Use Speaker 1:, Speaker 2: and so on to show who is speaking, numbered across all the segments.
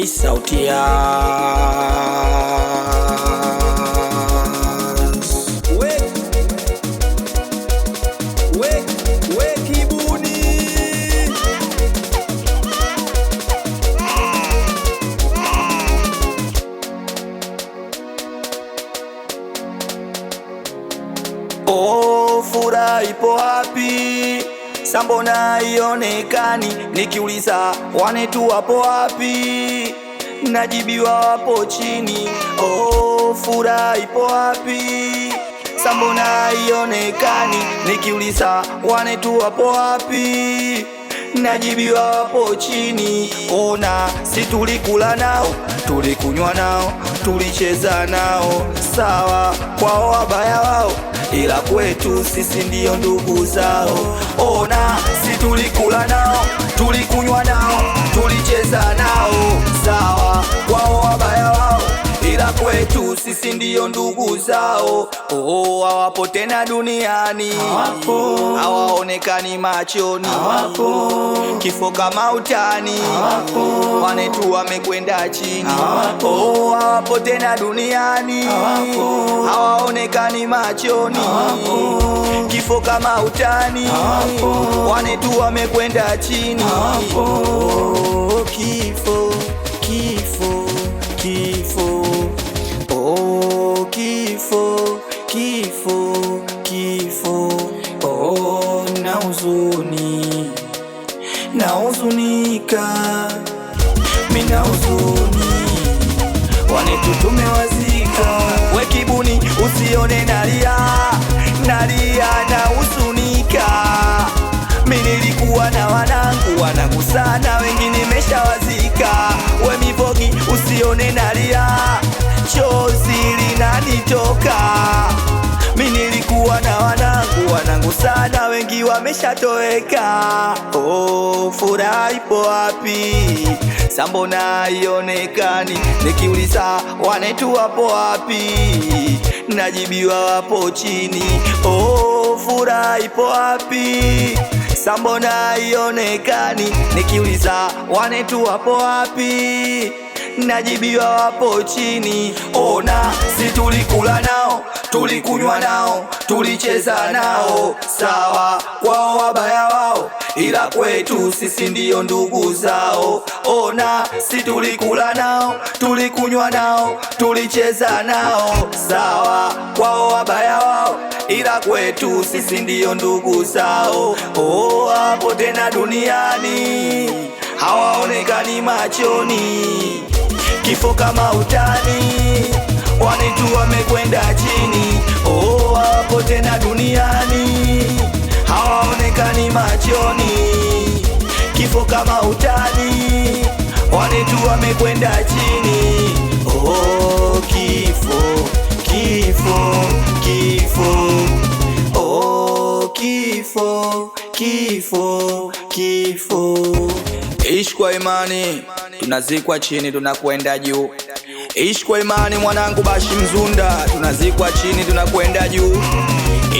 Speaker 1: kuisautia. Oh, furaha ipo wapi? Sambona ionekani, nikiuliza wanetu wapo wapi, najibiwa wapo chini. Oh, furaha ipo wapi? Sambona ionekani, nikiuliza wanetu wapo wapi, najibiwa wapo chini. Ona, si tulikula nao, tulikunywa nao, tulicheza nao, sawa kwao wabaya wao ila kwetu sisi ndiyo ndugu zao. Ona, si tulikula nao, tulikunywa nao, tulicheza nao, sawa, wao wabaya wao, ila kwetu sisi ndiyo ndugu zao. Oh, hawapo tena duniani, hawaonekani machoni,
Speaker 2: hawapo
Speaker 1: kifo kama utani, wanetu wamekwenda chini, hawapo oh, tena duniani, hawaonekani machoni, kifo kama utani, wanetu wamekwenda chini,
Speaker 2: oh,
Speaker 1: kifo kifo kifo oh, kifo kifo kifo oh, na huzuni nahuzunika, mina huzuni wanetu tumewazika, wekibuni usione nalia nalia na huzunika, mi nilikuwa na wanangu wanangu sana, wengi nimeshawazika Wameshatoweka. Oh, furaha ipo wapi? Sambona ionekani Nikiuliza wanetu wapo wapi? Najibiwa wapo chini. Oh, furaha ipo wapi? Sambona ionekani Nikiuliza wanetu wapo wapi? najibiwa wapo chini. Ona, si tulikula nao, tulikunywa nao, tulicheza nao, sawa, kwao wabaya wao, ila kwetu sisi ndiyo ndugu zao. Ona, si tulikula nao, tulikunywa nao, tulicheza nao, sawa, kwao wabaya wao ila kwetu sisi ndiyo ndugu zao. Oh, wapo tena duniani hawaonekani machoni kifo kama utani, wanitu wamekwenda chini, oh, hapo tena duniani hawaonekani machoni, kifo kama utani, wanitu wamekwenda chini, oh, kifo kifo kifo, oh, kifo kifo kifo
Speaker 3: Ishi kwa imani, tunazikwa chini tunakwenda juu. Ishi kwa imani mwanangu Bashi Mzunda, tunazikwa chini tunakwenda juu.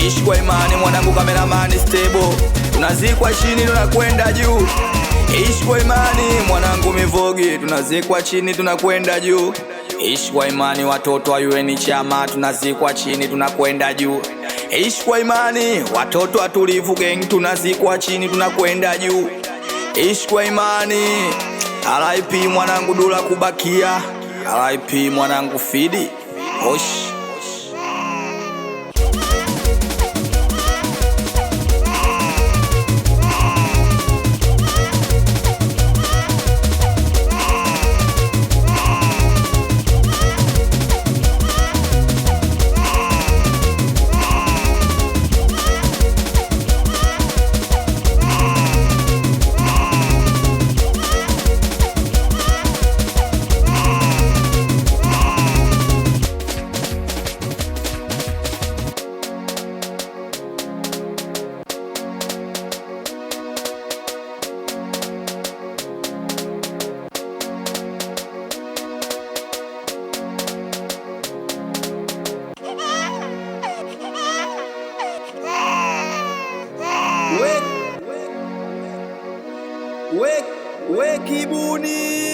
Speaker 3: Ishi kwa imani mwanangu Kameramani Stable, tunazikwa chini tunakwenda juu. Ishi kwa imani mwanangu Mivogi, tunazikwa chini tunakwenda juu. Ishi kwa imani watoto wa UN Chama, tunazikwa chini tunakwenda juu. Ishi kwa imani watoto watulivu geng, tunazikwa chini tunakwenda juu. Ishi kwa imani. RIP mwanangu Dula kubakia. RIP mwanangu Fidi. Osh.
Speaker 1: we, we, we, we kibuni